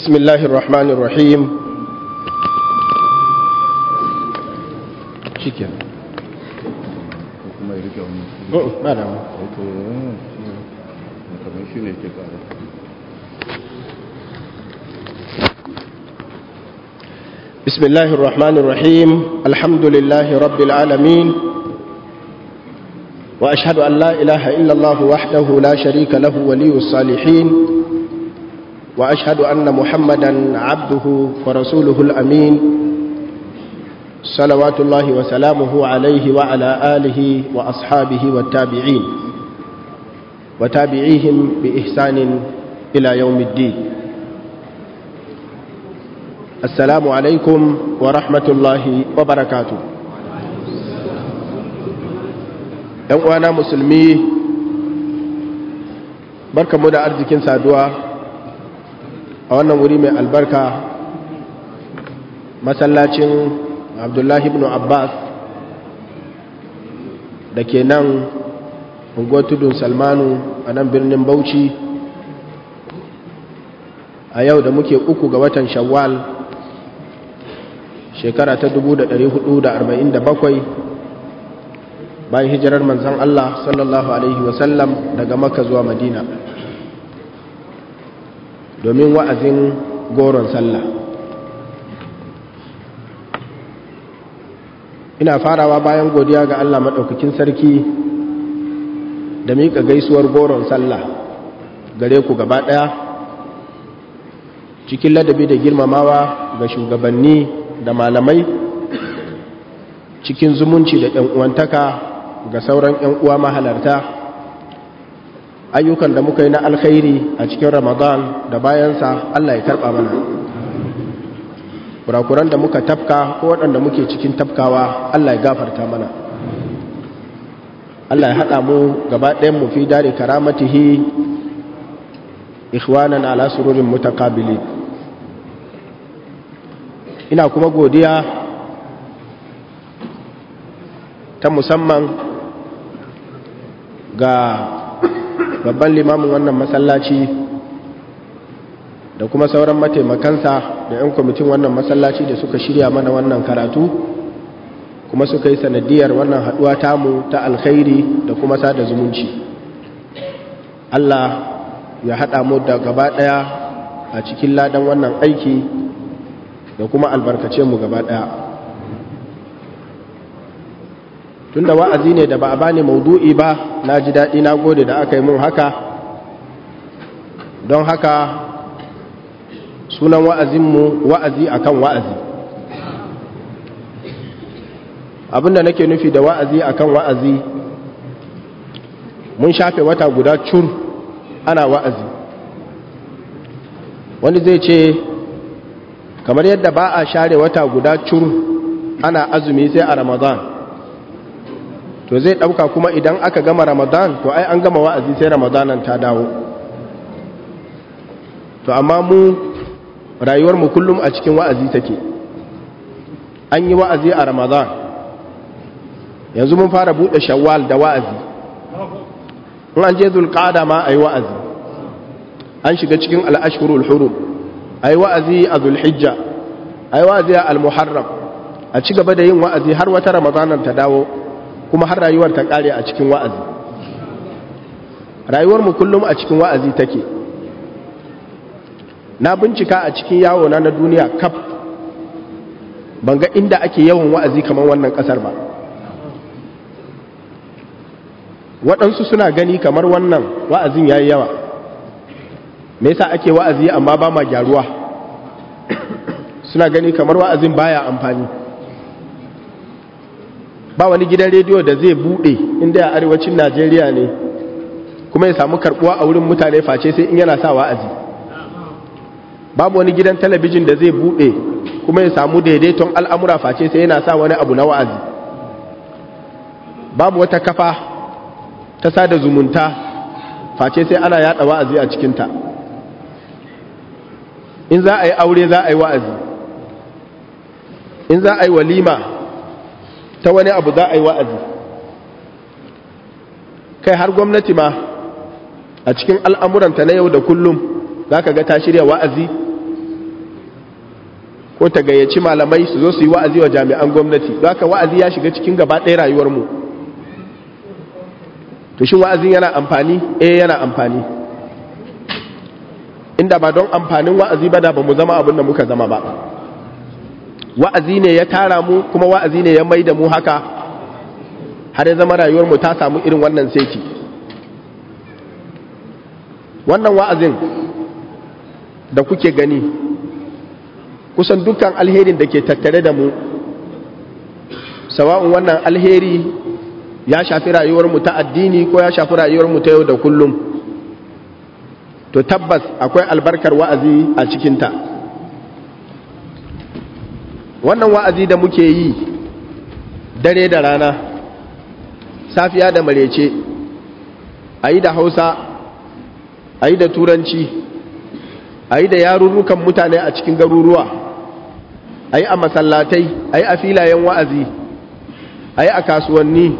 بسم الله الرحمن الرحيم شكرا يعني. بسم الله الرحمن الرحيم الحمد لله رب العالمين واشهد ان لا اله الا الله وحده لا شريك له ولي الصالحين واشهد ان محمدا عبده ورسوله الامين صلوات الله وسلامه عليه وعلى اله واصحابه والتابعين وتابعيهم باحسان الى يوم الدين السلام عليكم ورحمه الله وبركاته أنا مسلمي musulmi barkamu da arzikin saduwa a wannan wuri mai albarka masallacin abdullahi ibn abbas da ke nan unguwar tudun salmanu a nan birnin bauchi a yau da muke uku ga watan shawwal shekara ta 1447 bayan hijirar manzan Allah sallallahu Alaihi wasallam daga maka zuwa madina domin wa'azin goron sallah ina farawa bayan godiya ga allah maɗaukakin sarki da miƙa gaisuwar goron sallah gare ku gaba ɗaya cikin ladabi da girmamawa ga shugabanni da malamai cikin zumunci da 'yan uwantaka ga sauran 'yan uwa mahalarta ayyukan da muka yi na alkhairi a cikin ramadan da bayansa allah ya karɓa mana kurakuran da muka tafka ko waɗanda muke cikin tafkawa allah ya gafarta mana allah ya haɗa mu gaba ɗayan mu fi dare karamatihi ikhwanan ala sururin mutakabili ina kuma godiya ta musamman ga babban limamin wannan masallaci da kuma sauran mataimakansa da 'yan kwamitin wannan masallaci da suka shirya mana wannan karatu kuma suka yi sanadiyar wannan haɗuwa tamu ta alkhairi da kuma sada zumunci Allah ya haɗa mu da gaba ɗaya a cikin ladan wannan aiki da kuma albarkace mu gaba ɗaya tunda wa'azi ne da ba a bani maudu'i ba na ji daɗi na gode da aka yi mun haka don haka sunan wa'azinmu wa'azi a kan wa'azi abinda nake nufi da wa'azi a kan wa'azi mun shafe wata guda cur ana wa'azi wani zai ce kamar yadda ba a share wata guda cur ana azumi sai a ramadan to zai ɗauka kuma idan aka gama ramadan to ai an gama wa'azi sai ramadanan ta dawo to amma mu rayuwarmu kullum a cikin wa'azi take an yi wa'azi a ramadan yanzu mun fara buɗe shawwal da wa'azi in an je zulƙada ma a yi wa'azi an shiga cikin al'ashirul hurum a yi wa'azi a zulhijja a yi wa'azi a al-muharram a ci gaba da yin wa'azi har wata ramadanar ta dawo kuma har rayuwar ta kare a cikin wa'azi rayuwar mu kullum a cikin wa'azi take na bincika a cikin yawo na na duniya kaf ban ga inda ake yawan wa'azi kamar wannan kasar ba waɗansu suna gani kamar wannan wa'azin ya yi yawa me yasa ake wa'azi amma ba ma gyaruwa suna gani kamar wa'azin baya amfani ba wani gidan rediyo da zai bude inda a arewacin najeriya ne kuma ya samu karbuwa a wurin mutane face sai in yana sa wa'azi babu wani gidan talabijin da zai bude kuma ya samu daidaiton al'amura face sai yana sa wani abu na wa'azi babu wata kafa ta sada zumunta face sai ana yada wa'azi a cikinta in za a yi aure za a yi wa'azi in za a yi walima ta wani abu za a yi wa'azi kai har gwamnati ma a cikin al'amuranta na yau da kullum za ka ga ta shirya wa'azi ko ta gayyaci malamai su zo su yi wa'azi wa jami'an gwamnati za ka wa'azi ya shiga cikin gaba ɗaya rayuwarmu tushin wa'azin yana amfani eh yana amfani inda ba don amfanin wa'azi ba da ba mu zama abin da muka zama ba wa'azi ne ya tara mu kuma wa'azi ne ya mai da mu haka har ya zama rayuwar mu ta samu irin wannan saiti wannan wa'azin da kuke gani kusan dukkan alherin da ke tattare da mu sawa'un wannan alheri ya shafi rayuwarmu ta addini ko ya shafi rayuwarmu ta yau da kullum to tabbas akwai albarkar wa'azi a cikinta wannan wa'azi da muke yi dare da rana safiya da marece a da hausa a da turanci a da yarurrukan mutane a cikin garuruwa a a masallatai a a filayen wa'azi a a kasuwanni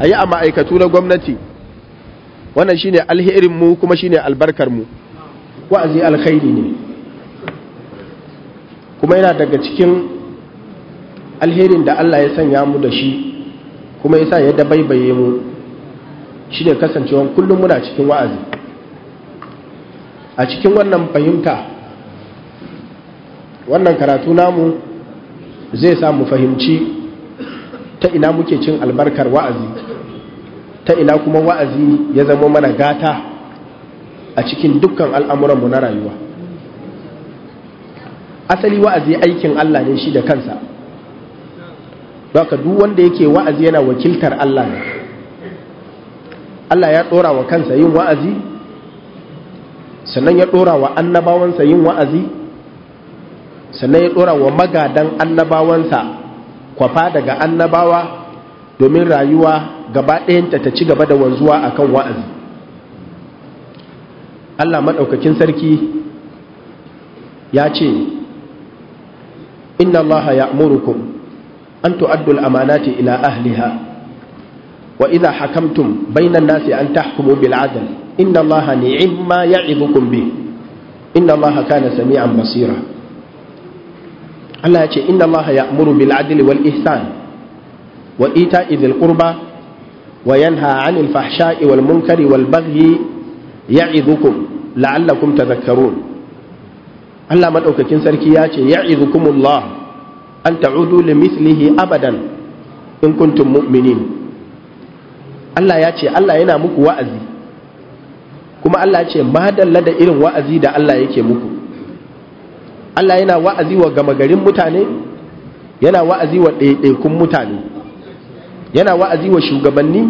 a a ma'aikatu na gwamnati wannan shine alherinmu kuma shine albarkarmu wa'azi alkhairi ne kuma yana daga cikin alherin da Allah ya sanya mu da shi kuma ya sa ya dabaibaye mu shi ne kasancewan kullum muna cikin wa'azi a cikin wannan fahimta wannan karatu namu zai sa mu fahimci ta ina muke cin albarkar wa'azi ta ina kuma wa'azi ya zama mana gata a cikin dukkan al'amuranmu na rayuwa asali wa'azi aikin Allah ne shi da kansa baka duk wanda yake wa'azi yana wakiltar Allah ne Allah ya ɗora wa kansa yin wa'azi sannan ya ɗora wa annabawansa yin wa'azi sannan ya ɗora wa magadan annabawansa kwafa daga annabawa domin rayuwa gaba ɗayanta ta ci gaba da wanzuwa akan wa'azi Allah maɗaukakin sarki ya ce إن الله يأمركم أن تؤدوا الأمانات إلى أهلها وإذا حكمتم بين الناس أن تحكموا بالعدل إن الله نعم ما يعظكم به إن الله كان سميعا بصيرا الله يقول إن الله يأمر بالعدل والإحسان وإيتاء ذي القربى وينهى عن الفحشاء والمنكر والبغي يعظكم لعلكم تذكرون Allah madaukakin sarki ya ce ya kumullah an ta'udu li mislihi abadan in kuntun mu'minin Allah ya ce Allah yana muku wa'azi kuma Allah ya ce madalla da irin wa'azi da Allah yake muku Allah yana wa'azi wa gama garin mutane yana wa'azi wa ɗaiɗaikun mutane yana wa'azi wa shugabanni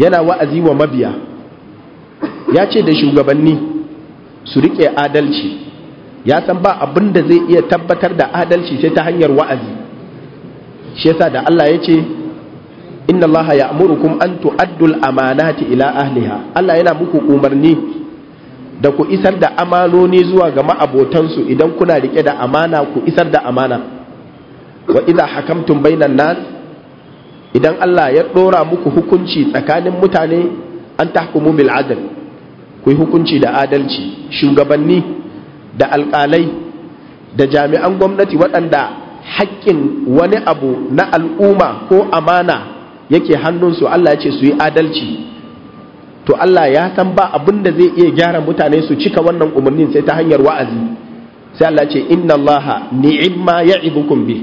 yana wa'azi wa mabiya ya ce da shugabanni su riƙe adalci ya san ba abin da zai iya tabbatar da adalci sai ta hanyar wa'azi shi yasa da Allah ya ce inna Allah ya amurukum an tu'addul amanati ila ahliha Allah yana muku umarni da ku isar da amaloni zuwa ga ma'abotansu idan kuna rike da amana ku isar da amana wa idza hakamtum bainan nas idan Allah ya ɗora muku hukunci tsakanin mutane an tahkumu bil adl ku yi hukunci da adalci shugabanni da alƙalai da jami'an gwamnati waɗanda haƙƙin wani abu na al'umma ko amana yake hannunsu Allah ya ce su yi adalci to Allah ya san ba abin da zai iya gyara mutane su cika wannan umarnin sai ta hanyar wa'azi sai Allah ce inna Allah ni'imma ya'idukum bi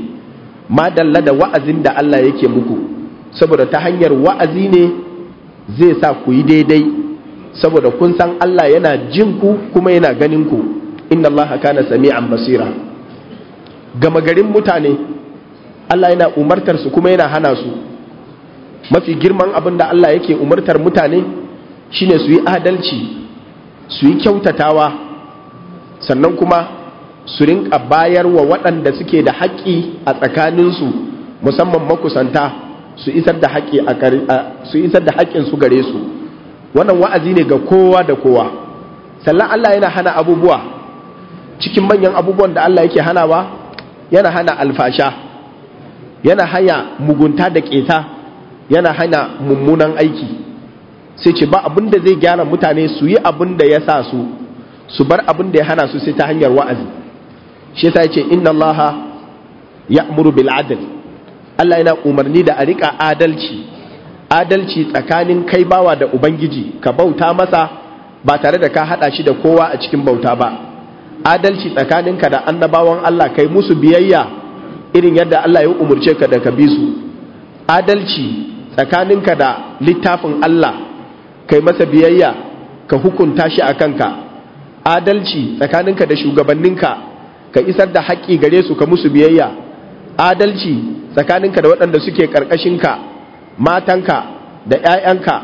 ma dalla da wa'azin da Allah yake muku saboda ta hanyar wa'azi ne zai sa ku yi daidai saboda kun san Allah yana jin ku kuma yana ganin ku inna Allah sami sami'an basira gama garin mutane Allah yana umartar su kuma yana hana su mafi girman abin da Allah yake umartar mutane shine su yi adalci su yi kyautatawa sannan kuma su rinka bayar wa waɗanda suke da haƙƙi a tsakaninsu musamman makusanta su isar da haƙƙinsu gare su wannan wa'azi ne ga kowa da kowa sannan Allah yana hana abubuwa cikin manyan abubuwan da Allah yake hanawa yana hana alfasha yana haya mugunta da ƙeta, yana hana mummunan aiki sai ce ba abin da zai gyara mutane su yi abin da ya sa su su bar abin da ya hana su sai ta hanyar wa'azi shi ta ce inna Allah ya'muru bil adl Allah yana umarni da a riƙa adalci adalci tsakanin kai bawa da ubangiji ka bauta masa ba tare da ka haɗa shi da kowa a cikin bauta ba adalci tsakaninka da annabawan Allah kai musu biyayya irin yadda Allah ya umurce ka da ka bi su adalci tsakaninka da littafin Allah kai masa biyayya ka hukunta shi a kanka adalci tsakaninka da shugabanninka ka isar da haƙƙi gare su ka musu biyayya adalci tsakaninka da waɗanda suke ƙarƙashin ka, matanka da 'ya'yanka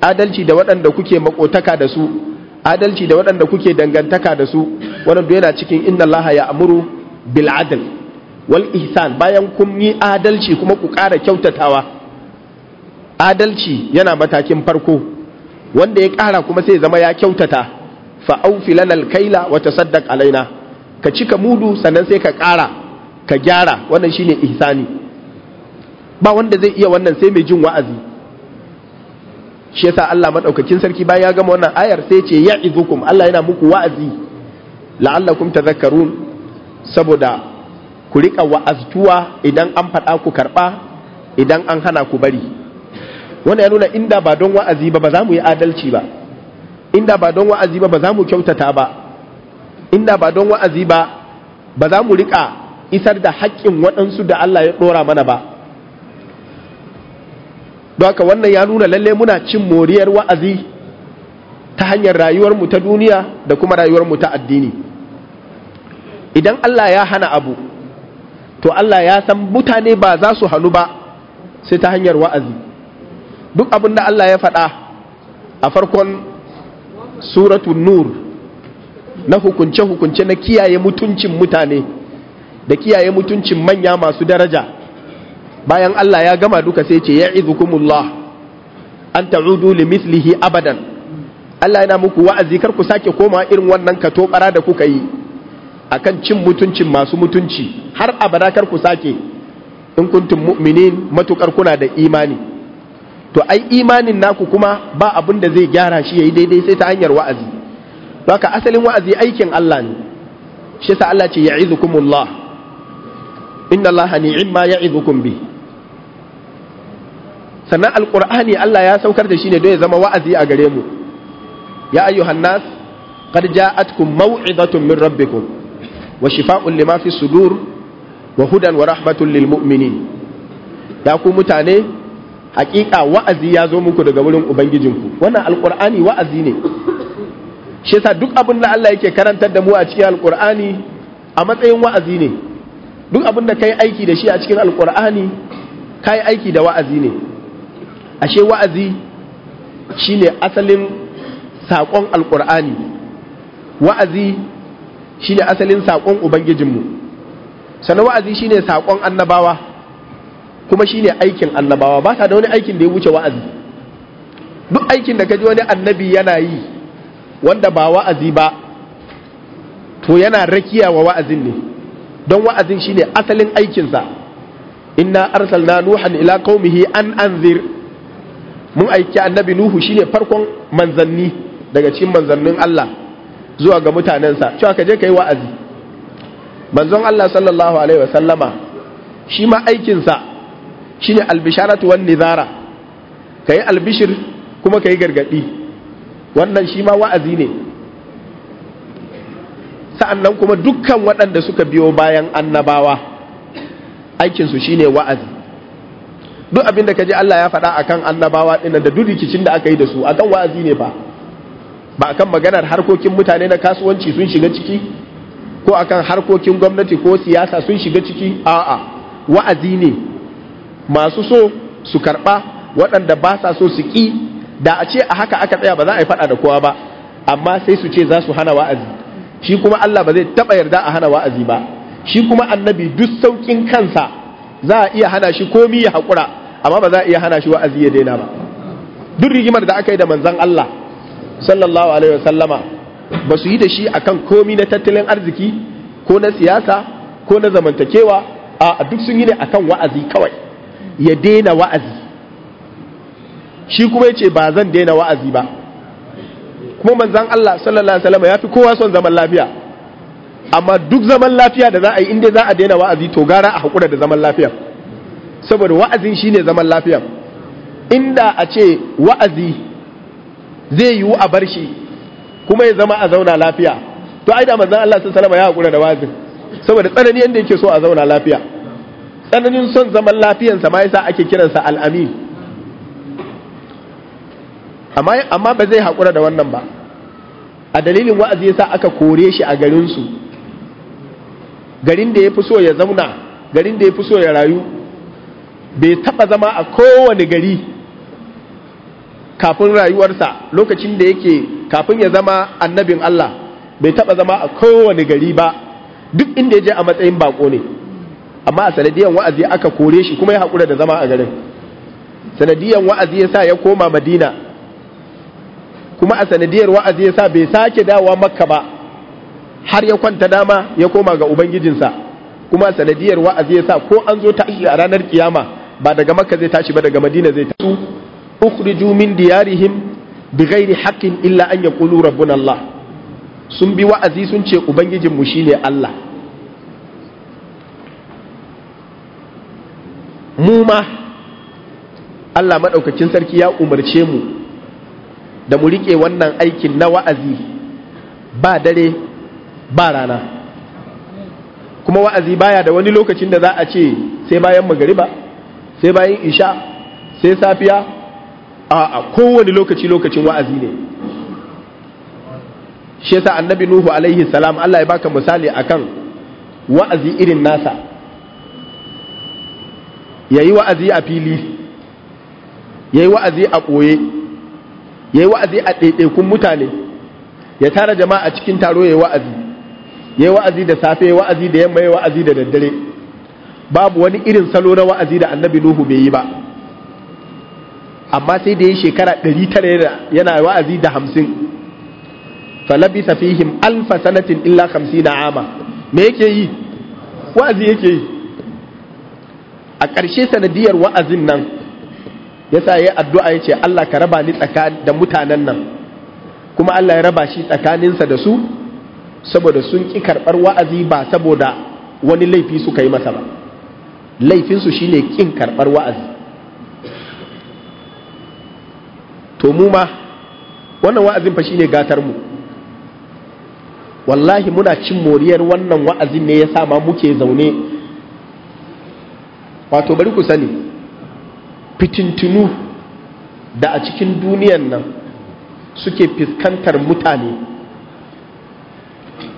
adalci da waɗanda kuke maƙotaka da su adalci da waɗanda kuke dangantaka da su wannan yana cikin inna Allah ya amuru bil adl wal ihsan bayan kun yi adalci kuma ku ƙara kyautatawa adalci yana matakin farko wanda ya ƙara kuma sai zama ya kyautata fa'au aufi lana kaila wa tasaddaq alaina ka cika mudu sannan sai ka ƙara ka gyara wannan shine ihsani ba wanda zai iya wannan sai mai jin wa'azi shi yasa Allah madaukakin sarki bayan ya gama wannan ayar sai ce ya ya'izukum Allah yana muku wa'azi la'allakum tadhakkarun saboda ku rika wa'aztuwa idan an faɗa ku karɓa idan an hana ku bari wannan ya nuna inda ba don wa'azi ba ba za mu yi adalci ba inda ba don wa'azi ba ba za mu kyautata ba inda ba don wa'azi ba ba za mu rika isar da haƙƙin waɗansu da Allah ya ɗora mana ba don wannan ya nuna lalle muna cin moriyar wa'azi ta hanyar rayuwarmu ta duniya da kuma rayuwar mu ta addini idan Allah ya hana abu to Allah ya san mutane ba za su hannu ba sai ta hanyar wa'azi duk abin da Allah ya faɗa a farkon suratun nur na hukunce-hukunce na kiyaye mutuncin mutane da kiyaye mutuncin manya masu daraja bayan Allah ya gama duka sai ce ya'izukumullah an ta'udu li mislihi abadan Allah yana muku wa'azi kar ku sake koma irin wannan katobara da kuka yi akan cin mutuncin masu mutunci har abada kar ku sake in kuntum mu'minin matukar kuna da imani to ai imanin naku kuma ba abin da zai gyara shi yayi daidai sai ta hanyar wa'azi haka asalin wa'azi aikin Allah ne shi sa Allah ce ya'izukumullah inna allaha ni'imma ya'idukum bi sannan Allah ya saukar da shi ne don ya zama wa'azi a gare mu ya ayyuhan nas qad ja'atkum maw'izatun min rabbikum wa shifaa'un lima fi sudur wa hudan wa rahmatun lil mu'minin ya ku mutane hakika wa'azi ya zo muku daga wurin ubangijinku wannan alqur'ani wa'azi ne shi yasa duk abin da Allah yake karantar da mu a cikin alqur'ani a matsayin wa'azi ne duk abin da kai aiki da shi a cikin alkur'ani kai aiki da wa'azi ne ashe wa'azi shine asalin saƙon alkur'ani wa'azi shine asalin saƙon ubangijinmu sannan wa'azi shine saƙon annabawa kuma shi ne aikin annabawa ba sa da wani aikin da ya wuce wa'azi duk aikin da ka ji wani annabi yana yi wanda ba wa'azi ba to yana rakiya wa wa'azin ne don wa'azin shi ne asalin aikinsa inna na nuhan ila kaumihi an anzir mun aiki annabi nuhu shi ne farkon manzanni daga cikin manzannin Allah zuwa ga mutanensa cewa ka je ka yi wa'azi manzon Allah sallallahu alaihi wasallama shi ma aikinsa shi ne albisharatu zara, nizara yi albishir kuma ka yi gargadi wannan shi ma wa'azi ne sa'annan kuma dukkan waɗanda suka biyo bayan annabawa aikinsu shine wa'azi duk abinda da ka ji Allah ya faɗa akan annabawa ɗinan da duk rikicin da aka yi da su akan wa'azi ne ba ba a kan maganar harkokin mutane na kasuwanci sun shiga ciki ko a kan harkokin gwamnati ko siyasa sun shiga ciki a'a wa'azi ne masu so su karɓa waɗanda ba sa so su ƙi da a ce a haka aka tsaya ba za a yi faɗa da kowa ba amma sai su ce za su hana wa'azi shi kuma Allah ba zai taɓa yarda a hana wa'azi ba shi kuma annabi duk sauƙin kansa za a iya hana shi komi ya haƙura amma ba za a iya hana shi wa'azi ya daina ba duk rigimar da aka yi da manzon Allah sallallahu alaihi wasallama ba su yi da shi akan komi na tattalin arziki ko na siyasa ko na zamantakewa a duk sun yi ne akan wa'azi kawai ya daina wa'azi shi kuma ya ce ba zan daina wa'azi ba kuma manzan Allah sallallahu alaihi wasallam ya fi kowa son zaman lafiya amma duk zaman lafiya da za a yi inda za a daina wa'azi to gara a hakura da zaman lafiya saboda wa'azin shine zaman lafiya inda a ce wa'azi zai yiwu a bar shi kuma ya zama a zauna lafiya to ai da manzan Allah sallallahu alaihi wasallam ya hakura da wa'azin saboda tsanani yanda yake so a zauna lafiya tsananin son zaman lafiyansa ma yasa ake kiransa al'amin amma ba zai haƙura da wannan ba a dalilin wa'azi yasa aka kore shi a garinsu garin da ya fi so ya zauna garin da ya fi so ya rayu bai taɓa zama a kowane gari kafin rayuwarsa lokacin da yake kafin ya zama annabin Allah bai taɓa zama a kowane gari ba duk inda ya je a matsayin bako ne amma a sanadiyan wa'azi aka kore shi kuma ya haƙura da zama a garin sanadiyan wa'azi ya sa ya koma madina kuma a sanadiyar wa'azi ya sa bai sake dawowa makka ba har ya kwanta dama ya koma ga ubangijinsa kuma a sanadiyar wa'azi ya sa ko an zo tashi a ranar kiyama ba daga makka zai tashi ba daga madina zai tashi ukhriju min diyarihim bighairi haqqin illa an yaqulu rabbuna allah sun bi wa'azi sun ce ubangijin ubangijinmu shine allah mu ma Allah maɗaukacin sarki ya umarce mu da mu riƙe wannan aikin na wa'azi ba dare ba rana kuma wa'azi baya da wani lokacin da za a ce sai bayan magariba sai bayan isha sai safiya a kowane lokaci lokacin wa'azi ne shi yasa annabi nuhu alaihi salam Allah ya baka misali akan wa'azi irin nasa yayi wa'azi a fili yayi wa'azi a ɓoye ya yi wa'azi a ɗaiɗaikun mutane ya tara jama'a cikin taro ya yi wa'azi ya yi wa'azi da safe ya yi wa'azi da yamma ya yi wa'azi da daddare babu wani irin salo na wa'azi da annabi nuhu bai yi ba amma sai da ya yi shekara ɗari tara yana wa'azi da hamsin falabi safihim alfa sanatin illa kamsi na ama me yake yi wa'azi yake yi a ƙarshe sanadiyar wa'azin nan yasa yayi addu'a yace Allah ka raba ni tsakanin da mutanen nan kuma Allah ya raba shi tsakaninsa da su saboda sun ki karbar wa'azi ba saboda wani laifi suka yi masa ba laifinsu shine kin karbar wa'azi to mu ma wannan wa'azin fa shine gatar mu wallahi muna cin moriyar wannan wa'azin ne yasa sa ma muke zaune wato bari ku sani fitintunu da a cikin duniyan nan suke fiskantar mutane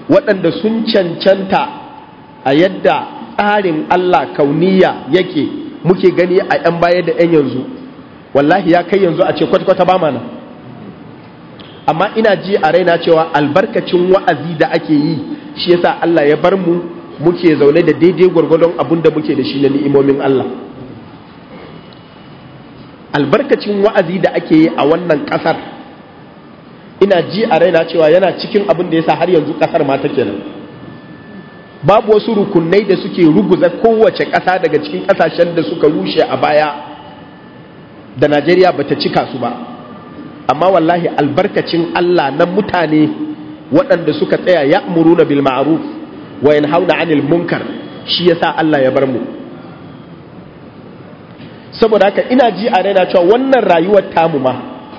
waɗanda sun cancanta a yadda tsarin Allah kauniya yake muke gani a 'yan baya da 'yan yanzu wallahi ya kai yanzu a ce kwata-kwata ba mana amma ina ji a raina cewa albarkacin wa'azi da ake yi shi yasa Allah ya bar mu muke zaune da daidai gwargwadon abin da muke da shi na ni'imomin Allah albarkacin wa'azi da ake yi a wannan ƙasar ina ji a raina cewa yana cikin abin da ya sa har yanzu ƙasar mata take nan babu wasu rukunai da suke ruguza kowace ƙasa daga cikin ƙasashen da suka rushe a baya da Najeriya ba ta cika su ba amma wallahi albarkacin Allah na mutane waɗanda suka tsaya ya'muruna bil ma'ruf wa na 'anil munkar shi ya sa Allah ya bar mu saboda haka ina ji a raina cewa wannan rayuwar tamu ma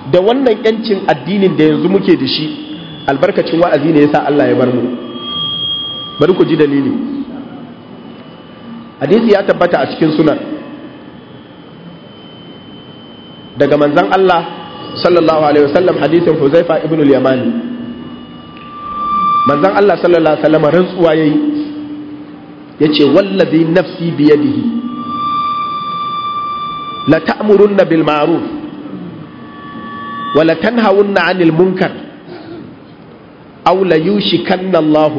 da wannan yancin addinin da yanzu muke da shi albarkacin wa'azi ne yasa Allah ya bar mu bari ku ji dalili hadisi ya tabbata a cikin sunan daga manzon Allah sallallahu alaihi wasallam hadisin Huzaifa ibn al-Yamani manzon Allah sallallahu alaihi wasallam rantsuwa yayi yace wallazi nafsi biyadihi la ta'murunna bil ma'ruf wa tanhawunna 'anil munkar aw la yushikanna Allah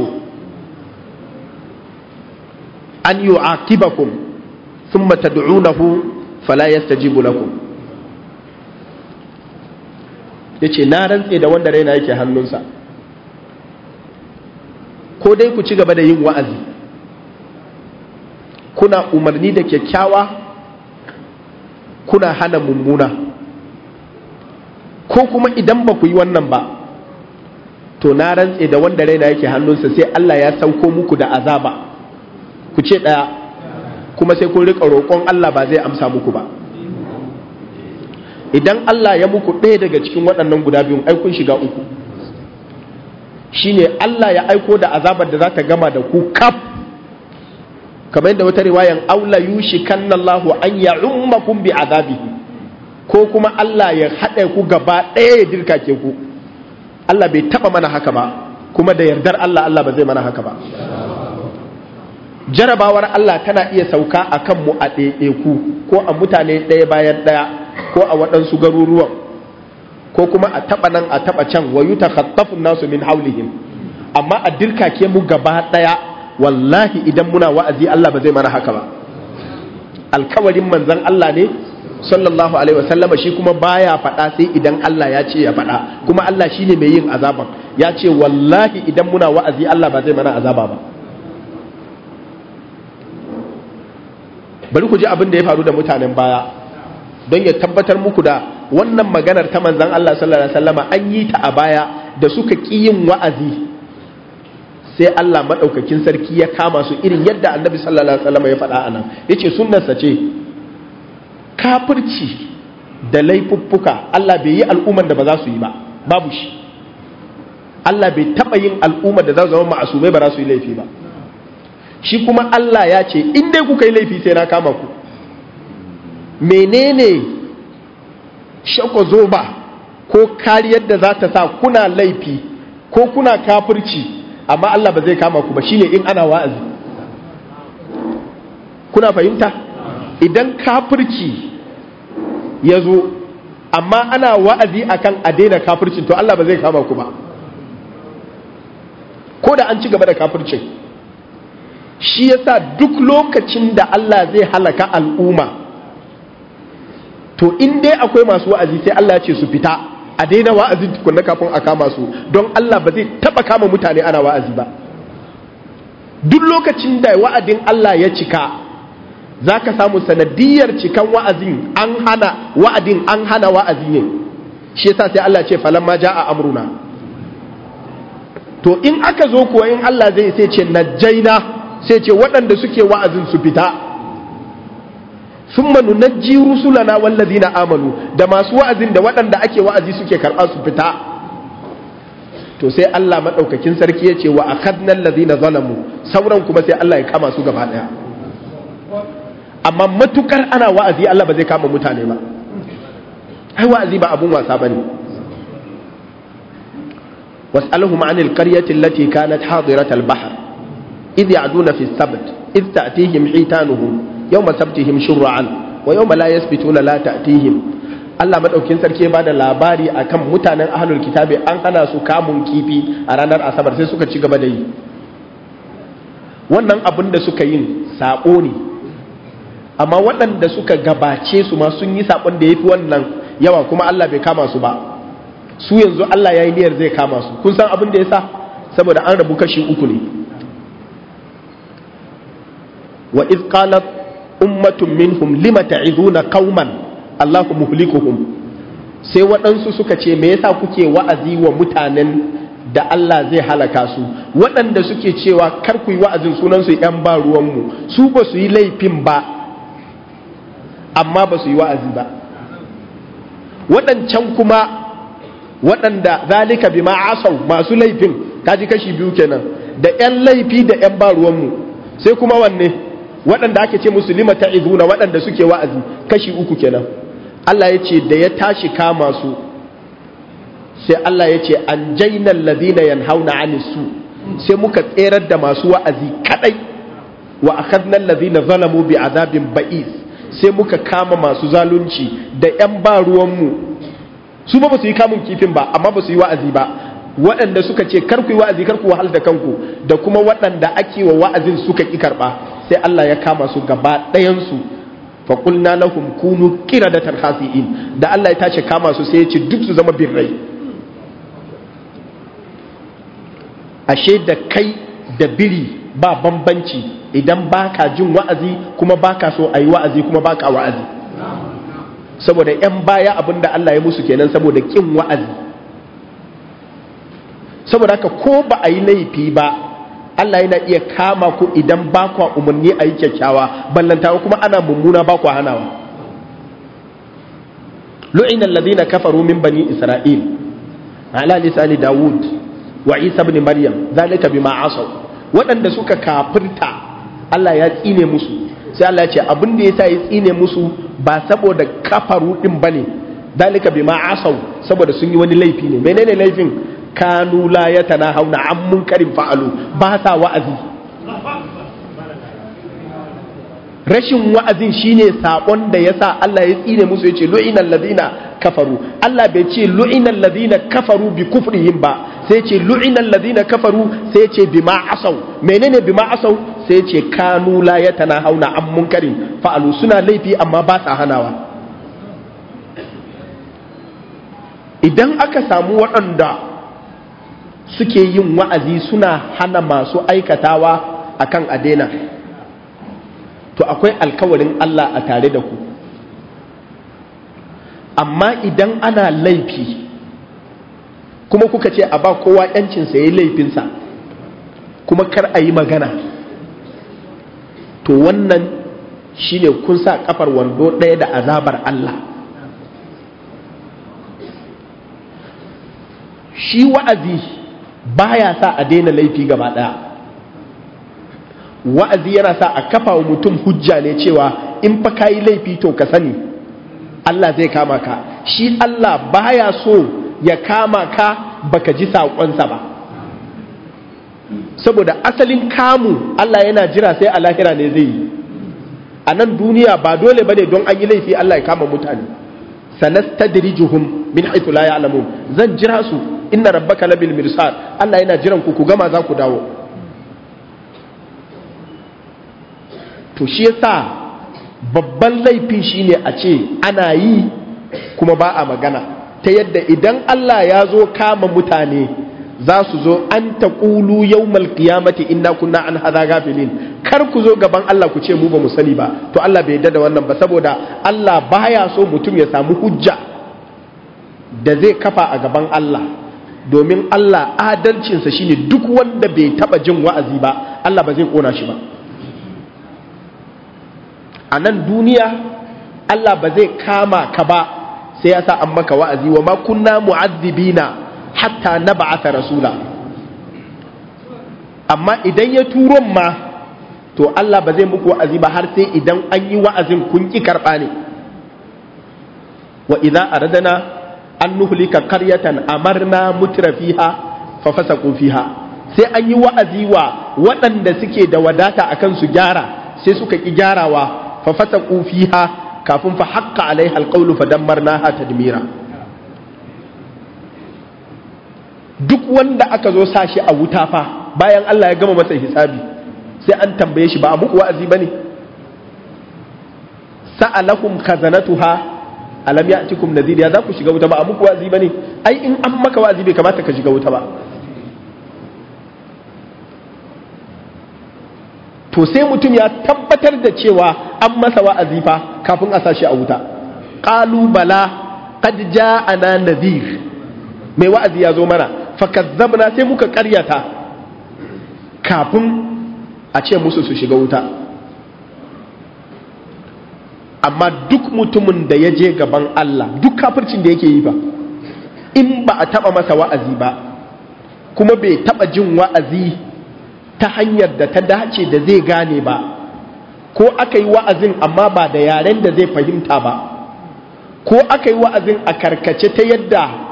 an yu'aqibakum thumma tad'unahu fala yastajibu lakum yace na rantse da wanda raina yake hannunsa ko dai ku ci gaba da yin wa'azi kuna umarni da kyakkyawa kuna hana mummuna ko kuma idan ba ku yi wannan ba to na rantse da wanda raina yake hannunsa sai Allah ya sauko muku da azaba ku ce ɗaya kuma sai kun rika roƙon Allah ba zai amsa muku ba idan Allah ya muku ɗaya daga cikin waɗannan guda biyun ai kun shiga uku shine Allah ya aiko da azabar da za ta gama da ku kaf kamar yadda wata riwayan aula yushi kannallahu an ya'ummakum bi azabihi ko kuma Allah ya haɗe ku gaba ɗaya ya dirka ke ku Allah bai taɓa mana haka ba kuma da yardar Allah Allah ba zai mana haka ba jarabawar Allah tana iya sauka a kanmu a ɗaiɗaiku ko a mutane ɗaya bayan ɗaya ko a waɗansu garuruwan ko kuma a taɓa nan a taɓa can wa yuta nasu min haulihim amma a dirkake mu gaba ɗaya wallahi idan muna wa'azi Allah ba zai mana haka ba alkawarin manzan Allah ne sallallahu alaihi wasallama shi kuma baya faɗa sai idan Allah ya ce ya faɗa kuma Allah shi ne mai yin azaban ya ce wallahi idan muna wa'azi Allah ba zai mana azaba ba bari ku ji abin da ya faru da mutanen baya don ya tabbatar muku da wannan maganar ta manzon Allah sallallahu alaihi wasallama an yi ta a baya da suka ƙi yin wa'azi sai Allah madaukakin sarki ya kama su irin yadda annabi sallallahu alaihi wasallam ya faɗa anan yace sunnarsa ce kafirci da laifuffuka Allah bai yi al'umman da ba za su yi ba babu shi Allah bai taɓa yin al'ummar da za su zama ma'asumai ba za su yi laifi ba shi kuma Allah ya ce in dai kuka yi laifi sai na kama ku menene shakwa ba ko kariyar da za ta sa kuna laifi ko kuna kafirci amma Allah ba zai kama ku ba shine in ana wa'azi kuna fahimta idan kafirci ya zo amma ana wa'azi akan a daina kafircin to Allah ba zai kama ku ba ko da an ci gaba da kafircin shi yasa duk lokacin da Allah zai halaka al'umma to in dai akwai masu wa'azi sai Allah ce su fita a daina wa'azin tukunna kafin a kama su don Allah ba zai taba kama mutane ana wa'azi ba duk lokacin da wa'adin Allah ya cika za ka samu sanadiyar cikan wa'azin an hana wa'adin an hana wa'azin yin shi yasa sai Allah ce ja a amruna to in aka zo kuwa in Allah zai sai ce najjaina sai ce waɗanda suke wa'azin su fita summa nunajji rusulana wallazina amanu da masu wa'azin da waɗanda ake wa'azi suke karɓa su fita to sai Allah maɗaukakin sarki ya ce wa a lazi na zalamu sauran kuma sai Allah ya kama su gaba ɗaya amma matukar ana wa'azi Allah ba zai kama mutane ba ai wa'azi ba abun wasa ba bane was'aluhum 'anil qaryati allati kanat hadirat al-bahr idh ya'duna fi as-sabt idh ta'tihim hitanuhum Yau yawma sabtihim shura'an wa yau la yasbituna la ta'tihim Allah madaukin sarki ba da labari akan mutanen ahlul kitabi an hana su kamun kifi a ranar asabar sai suka ci gaba da yi wannan abin da suka yi sabo ne amma waɗanda suka gabace su ma sun yi sabon da yafi wannan yawa kuma Allah bai kama su ba su yanzu Allah ya yi niyyar zai kama su kun san abin da yasa saboda an rabu kashi uku ne wa iz qalat ummatun minhum lima ta'izuna qauman Allahu muhlikuhum sai waɗansu suka ce me yasa kuke wa'azi wa mutanen da Allah zai halaka su waɗanda suke cewa kar ku yi wa'azin sunan su ƴan ba ruwan mu su ba su yi laifin ba amma ba su yi wa'azi ba waɗancan kuma waɗanda zalika bima asau masu laifin kaji kashi biyu kenan da ƴan laifi da ƴan ba ruwan mu sai kuma wanne waɗanda ake ce musu lima izuna waɗanda suke wa'azi kashi uku kenan Allah ya ce da ya tashi kama su sai Allah ya ce an yan ladina na anisu sai muka tserar da masu wa'azi kadai wa lazina zalamobi zalamu bi azabin ba'is sai muka kama masu zalunci da yan ba ruwanmu su ba su yi kamun kifin ba amma ba su yi wa'azi ba waɗanda suka ce kar ku yi wa'azi kar ku wahal da kanku da kuma waɗanda ake wa wa'azin suka ƙi karɓa sai Allah ya kama su gaba ɗayansu fa na lahum kunu da tarhasi'in, da Allah ya tace kama su sai ya ci duk su zama birrai ashe da kai da biri ba bambanci idan baka jin wa'azi kuma baka so yi wa'azi kuma baka wa'azi saboda yan baya abin da Allah ya musu kenan saboda ƙin wa'azi saboda haka ko ba a yi laifi ba Allah yana iya kama ku idan ba umarni a yi kyakkyawa ballantawa kuma ana mummuna ba ku hanawa lu'ina alladhina kafaru min bani isra'il ala lisani daud wa isa ibn maryam zalika bima asaw waɗanda suka kafirta Allah ya tsine musu sai Allah ya ce abin da yasa ya tsine musu ba saboda kafaru din bane zalika bima asaw saboda sun yi wani laifi ne menene laifin kanu la hauna an karin fa'alu ba sa wa'azi rashin wa'azin shine saƙon da ya sa Allah ya tsine musu ya ce lu'inan ladina kafaru Allah bai ce lu'inan ladina kafaru bi yin ba sai ce lu'inan ladina kafaru sai yace bima asaw menene ma asau? sai ce kanu la hauna an karin fa'alu suna laifi amma ba sa hanawa idan aka samu waɗanda suke yin wa'azi suna hana masu aikatawa akan adena to akwai alkawarin Allah a tare da ku amma idan ana laifi kuma kuka ce a ba kowa yancinsa ya yi laifinsa kuma kar a yi magana to wannan shi ne kun sa kafar wando ɗaya da azabar Allah shi wa'azi Ba ya sa a daina laifi gaba ɗaya wa'azi yana sa a kafa wa mutum hujja ne cewa in fa kayi laifi to ka sani Allah zai kama ka shi Allah baya so ya kama ka baka ji saƙonsa ba saboda asalin kamu Allah yana jira sai a lahira ne zai yi a nan duniya ba dole ba ne don an yi laifi Allah ya kama mutane sanastadrijuhum min haythu la ya'lamun zan jira su inna rabbaka labil mirsad Allah yana jiran ku ku gama za ku dawo to shi yasa babban laifi shine a ce ana yi kuma ba a magana ta yadda idan Allah ya zo kama mutane za su zo an ta ƙulu yau malkiyamati inna kunna an haza gafilin kar ku zo gaban Allah ku ce mu ba mu sani ba to Allah bai yadda da wannan ba saboda Allah baya so mutum ya samu hujja da zai kafa a gaban Allah domin Allah adalcinsa shine duk wanda bai taba jin wa'azi ba Allah ba zai kona shi ba a nan duniya Allah ba zai kama ka ba sai ya sa an maka wa'azi wa ma kunna mu'azzibina hatta na ba'atha rasula amma idan ya turo ma to Allah ba zai muku wa'azi ba har sai idan an yi wa'azin kun ki karɓa ne wa idza aradana an nuhlika qaryatan amarna mutra fiha fafasa fiha sai an yi wa'azi wa waɗanda suke da wadata a kan su gyara sai suka ƙi gyarawa fafasa fasaqu fiha kafin fa alai alaiha alqawlu fa dammarnaha tadmira duk wanda aka zo sa shi a wuta fa bayan Allah ya gama masa hisabi sai an tambaye shi ba a muku wa'azi bane sa'alakum khazanatuha alam ya'tikum nadhir ya za ku shiga wuta ba a muku wa'azi bane ai in an maka wa'azi bai kamata ka shiga wuta ba to sai mutum ya tabbatar da cewa an masa wa'azi fa kafin a sashi a wuta qalu bala qad ja'ana nadhir mai wa'azi ya zo mana fakazzabna sai muka karyata kafin a ce musu su shiga wuta amma duk mutumin da ya je gaban Allah duk kafircin da yake yi ba in ba a taba masa wa'azi ba kuma bai taba jin wa'azi ta hanyar da ta dace da zai gane ba ko aka yi wa'azin amma ba da yaren da zai fahimta ba ko aka yi wa'azin a karkace ta yadda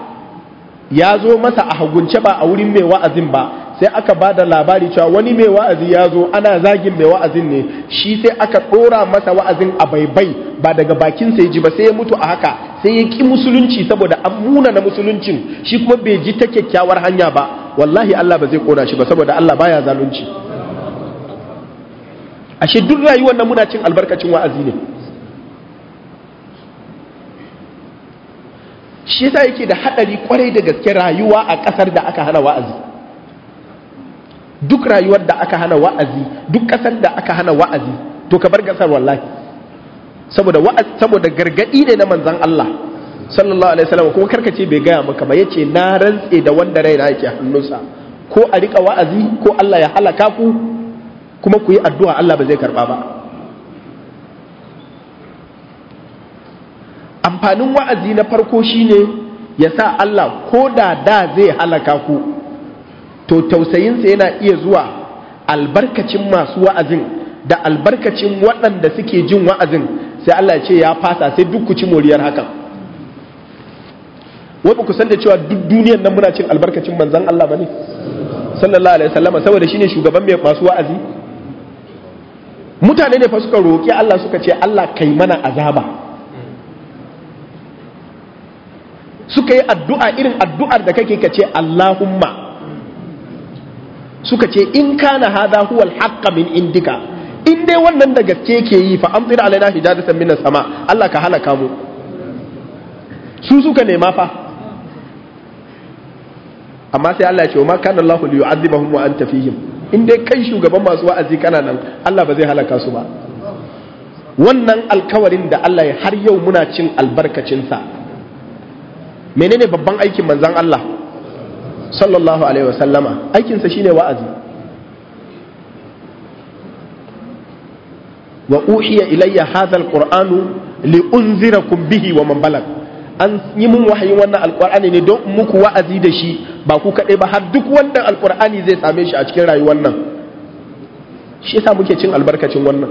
ya zo masa a hagunce ba a wurin mai wa'azin ba sai aka ba da labari cewa wani mai wa'azi ya zo ana zagin mai wa'azin ne shi sai aka ɗora masa wa'azin a baibai ba daga sa ya ji ba sai ya mutu a haka sai ya ki musulunci saboda an muna na musuluncin shi kuma bai ji ta kyakkyawar hanya ba wallahi Allah ba zai ƙona shi ba saboda Allah baya zalunci ashe duk rayuwar nan muna cin albarkacin wa'azi ne shi yasa yake da hadari kwarai da gaske rayuwa a kasar da aka hana wa'azi duk rayuwar da aka hana wa'azi duk kasar da aka hana wa'azi to ka bar gasar wallahi saboda wa'az saboda gargadi ne na manzon Allah sallallahu alaihi wasallam kuma ce bai gaya maka ba yace na rantse da wanda raina yake hannunsa ko a rika wa'azi ko Allah ya halaka ku kuma ku yi addu'a Allah ba zai karba ba amfanin wa'azi na farko shine ya sa Allah ko da da zai halaka ku to tausayinsa yana iya zuwa albarkacin masu wa'azin da albarkacin waɗanda suke jin wa'azin sai Allah ya ce ya fasa sai duk ku ci moriyar hakan wai ba ku san da cewa duk duniyar nan muna cin albarkacin manzan Allah ba ne? sallallahu alaihi wasallama saboda shine shugaban mai masu wa'azi mutane ne fa suka roƙi Allah suka ce Allah kai mana azaba suka yi addu'a irin addu'ar da kake kace Allahumma suka ce in kana hada huwa al min indika in dai wannan da gaske ke yi fa an amtir alaina hijaratan min sama Allah ka halaka mu su suka nema fa amma sai Allah ya ce wa ma kana Allahu li yu'adhibahum wa anta fihim in dai kai shugaban masu wa'azi kana nan Allah ba zai halaka su ba wannan alkawarin da Allah ya har yau muna cin albarkacinsa menene babban aikin manzan Allah sallallahu alaihi wasallama aikinsa shine wa'azi wa uhiya ilayya hadha alqur'anu li unzirakum bihi wa man balag an yi mun wahayin wannan alqur'ani ne don muku wa'azi da shi ba ku kadai ba har duk wannan alqur'ani zai same shi a cikin rayuwar nan shi yasa muke cin albarkacin wannan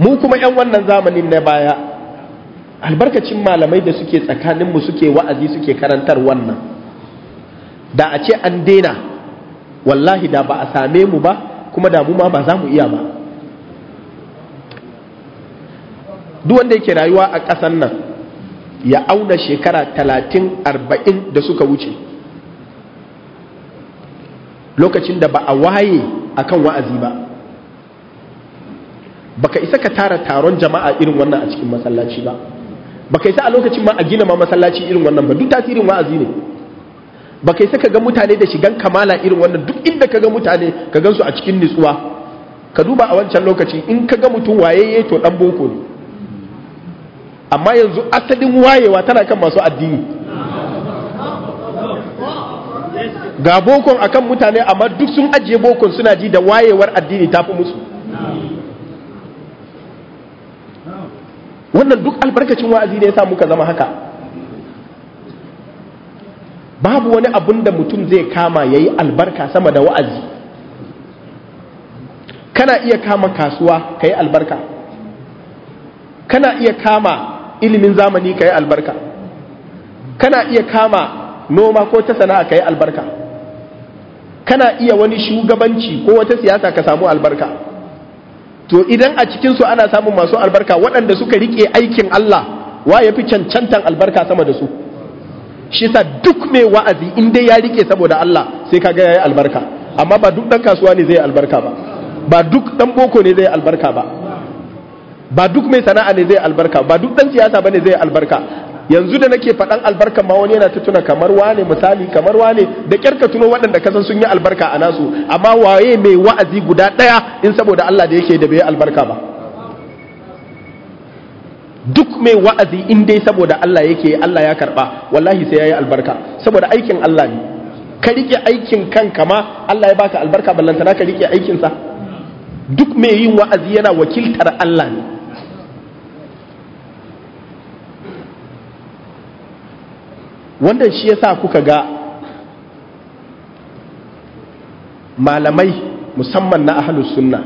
mu kuma 'yan wannan zamanin na baya albarkacin malamai da suke tsakaninmu suke wa'azi suke karantar wannan da a ce an daina wallahi da ba a same mu ba kuma da mu ma ba za mu iya ba duk wanda yake rayuwa a ƙasan nan ya auna shekara talatin arba'in da suka wuce lokacin da ba a waye a kan wa'azi ba baka isa ka tara taron jama'a irin wannan a cikin masallaci ba baka yi sa a lokacin ma a gina ma masallaci irin wannan ba duk tasirin wa'azi ne baka yi sa ka ga mutane da shigan kamala irin wannan duk inda ka ga mutane ka gansu a cikin nutsuwa ka duba a wancan lokaci in ka ga mutum wayayye to dan boko ne amma yanzu asalin wayewa tana kan masu addini ga bokon akan mutane amma duk sun ajiye bokon suna ji da wayewar addini ta fi musu wannan duk albarkacin wa'azi ne ya samu muka zama haka babu wani abun da mutum zai kama ya yi albarka sama da wa'azi kana iya kama kasuwa ka yi albarka kana iya kama ilimin zamani ka yi albarka kana iya kama noma ko ta sana'a ka yi albarka kana iya wani shugabanci ko wata siyasa ka samu albarka to idan a cikinsu ana samun masu albarka waɗanda suka riƙe aikin Allah wa ya fi cancantan albarka sama da su shi sa duk mai wa'azi in dai ya riƙe saboda Allah sai ka ya yayi albarka amma ba duk ɗan kasuwa ne zai albarka ba ba duk ɗan boko ne zai albarka ba ba duk mai sana'a ne zai albarka ba duk ɗan siyasa ba ne zai albarka yanzu da nake faɗan albarka ma wani yana ta tuna kamar wane misali kamar wane da ƙyar ka tuno waɗanda ka san sun yi albarka a nasu amma waye mai wa'azi guda ɗaya in saboda Allah da yake da bai albarka ba duk mai wa'azi in dai saboda Allah yake Allah ya karɓa wallahi sai yayi albarka saboda aikin Allah ne ka rike aikin kanka ma Allah ya baka albarka ballantana ka rike aikinsa duk mai yin wa'azi yana wakiltar Allah ne wanda shi ya sa kuka ga malamai musamman na ahlus sunna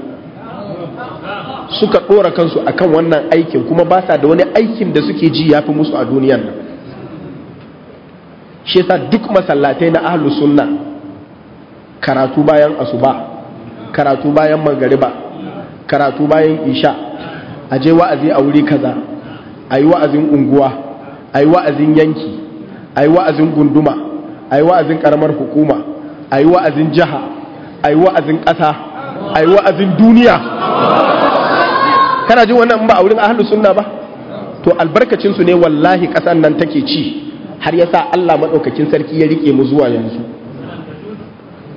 suka ɗora kansu akan wannan aikin kuma ba sa da wani aikin da suke ji ya fi musu a duniyan nan shi sa duk masallatai na ahlus sunna karatu bayan asuba karatu bayan magariba karatu bayan isha a je wa'azi a wuri kaza a yi wa'azin unguwa a yi wa'azin yanki a wa'azin gunduma a wa'azin ƙaramar hukuma a wa'azin jiha a wa'azin ƙasa a wa'azin duniya kana jin wannan ba a wurin ahalus sunna ba to albarkacinsu ne wallahi ƙasar nan take ci har yasa Allah maɗaukakin sarki ya riƙe mu zuwa yanzu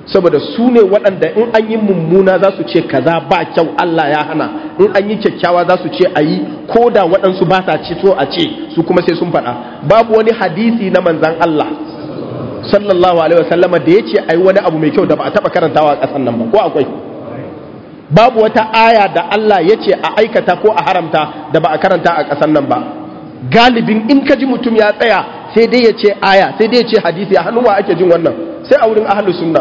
saboda su ne waɗanda in an yi mummuna za su ce kaza ba kyau Allah ya hana in an yi kyakkyawa za su ce a yi ko da waɗansu ba sa ci so a ce su kuma sai sun faɗa babu wani hadisi na manzan Allah sallallahu alaihi wasallam da ya ce a yi wani abu mai kyau da ba a taɓa karantawa a ƙasan nan ba ko akwai babu wata aya da Allah ya ce a aikata ko a haramta da ba a karanta a ƙasan nan ba galibin in ka ji mutum ya tsaya sai dai ya ce aya sai dai ya ce hadisi a hannun ake jin wannan sai a wurin ahlus sunna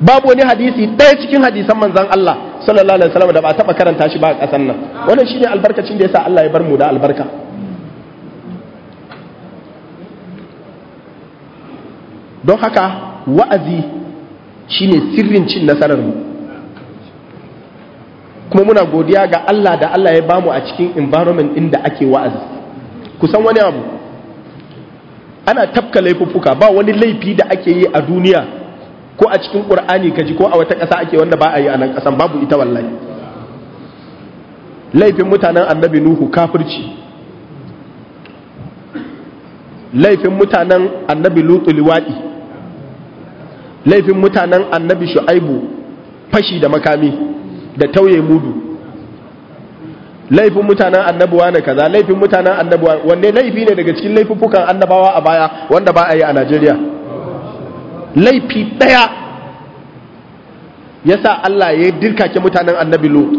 babu wani hadisi ɗaya cikin hadisan manzan Allah sallallahu alaihi wasallam da ba taba karanta shi ba a kasan nan wannan shine albarkacin da yasa Allah ya bar mu da albarka don haka wa'azi shine sirrin cin nasarar mu kuma muna godiya ga Allah da Allah ya bamu a cikin environment inda ake wa'azi kusan wani abu ana tafka laifuffuka ba wani laifi da ake yi a duniya ko a cikin ƙur'ani ka ji ko a wata ƙasa ake wanda ba a yi a nan ƙasan babu ita wallahi laifin mutanen annabi nuhu kafirci laifin mutanen annabi lutu liwaɗi laifin mutanen annabi shu'aibu fashi da makami da tauye mudu laifin mutanen annabuwa ne kaza laifin mutanen annabuwa wanne laifi ne daga cikin laifuffukan annabawa a baya wanda ba a yi a Najeriya laifi ɗaya ya sa Allah ya dirkake mutanen annabi Lut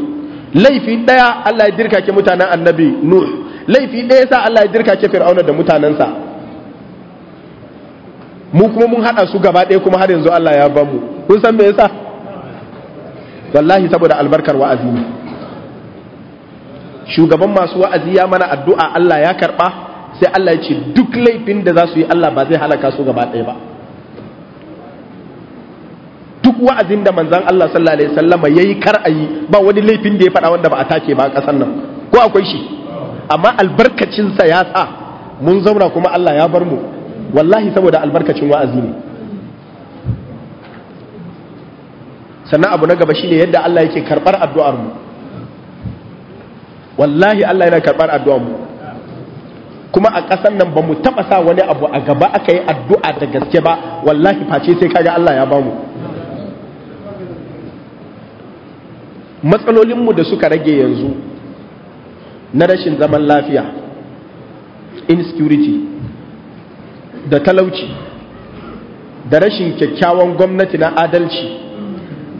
laifi ɗaya Allah ya dirkake mutanen annabi Nuh laifi ɗaya ya sa Allah ya dirkake fir'auna da mutanensa mu kuma mun haɗa su gaba ɗaya kuma har yanzu Allah ya ba mu kun san me yasa wallahi saboda albarkar wa'azi ne shugaban masu wa'azi ya mana addu'a Allah ya karɓa sai Allah ya ce duk laifin da za su yi Allah ba zai halaka su gaba ɗaya ba duk wa'azin da manzon Allah sallallahu alaihi ya yi kar a yi ba wani laifin da ya faɗa wanda ba a take ba a ƙasar nan ko akwai shi amma albarkacin sa ya sa mun zauna kuma Allah ya bar mu wallahi saboda albarkacin wa'azi ne sannan abu na gaba shine yadda Allah yake karbar addu'ar mu wallahi Allah yana karbar addu'ar mu kuma a ƙasar nan ba mu taɓa sa wani abu a gaba aka yi addu'a da gaske ba wallahi face sai kaga Allah ya bamu matsalolinmu da suka rage yanzu na rashin zaman lafiya insecurity da talauci da rashin kyakkyawan gwamnati na adalci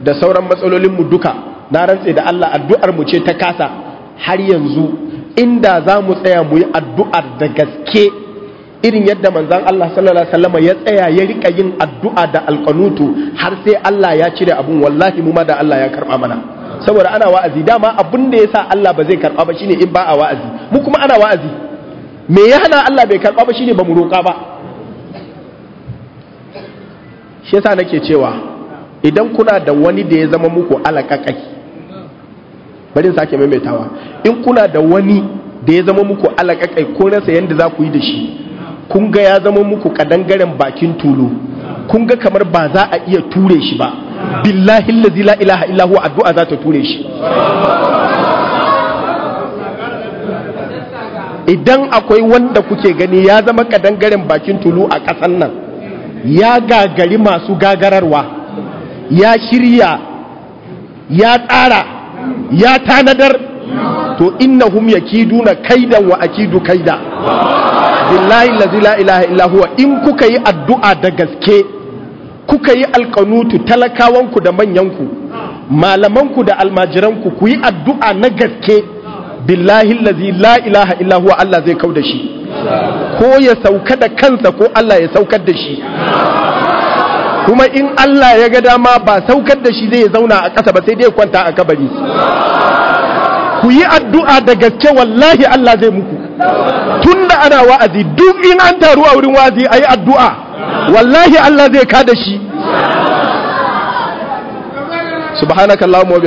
da sauran matsalolinmu duka na rantse da Allah mu ce ta kasa har yanzu inda za mu tsaya mu yi addu'ar da gaske irin yadda manzan Allah sallallahu Alaihi ya tsaya ya riƙa yin addu'a da alƙanutu har sai Allah ya cire abun wallahi mu ma da Allah ya karɓa mana. saboda ana wa'azi dama abin da sa Allah ba zai karɓa ba shine in ba a wa'azi mu kuma ana wa'azi me ya hana Allah bai karɓa ba shine ba mu roƙa ba shi yasa nake cewa idan kuna da wani da ya zama muku alaƙaƙai bari sake maimaitawa in kuna da wani da ya zama muku alaƙaƙai ko rasa yadda za ku yi da shi kun ga ya zama muku kadangaren bakin tulu kun ga kamar ba za a iya ture shi ba billahi allazi la ilaha illahu addu'a za ta ture shi idan akwai wanda kuke gani ya zama kadangaren bakin tulu a ƙasan nan ya gagari masu gagararwa ya shirya ya tsara ya tanadar to innahum yakiduna kaidan wa akidu kaida billahi allazi la ilaha illahu in kuka yi addu'a da gaske kuka yi alkanutu talakawanku da manyanku malamanku da almajiranku ku yi addu'a na gaske billahi lazi la ilaha Allah zai kau da shi ko ya sauka da kansa ko Allah ya saukar da shi kuma in Allah ya ga dama ba saukar da shi zai zauna a ƙasa ba sai dai kwanta a kabari ku yi addu'a da gaske wallahi Allah zai muku tun da ana wa'azi duk in an taru a wurin wa'azi a yi addu'a wallahi Allah zai kada shi subhanakallahumma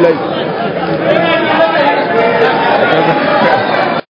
wa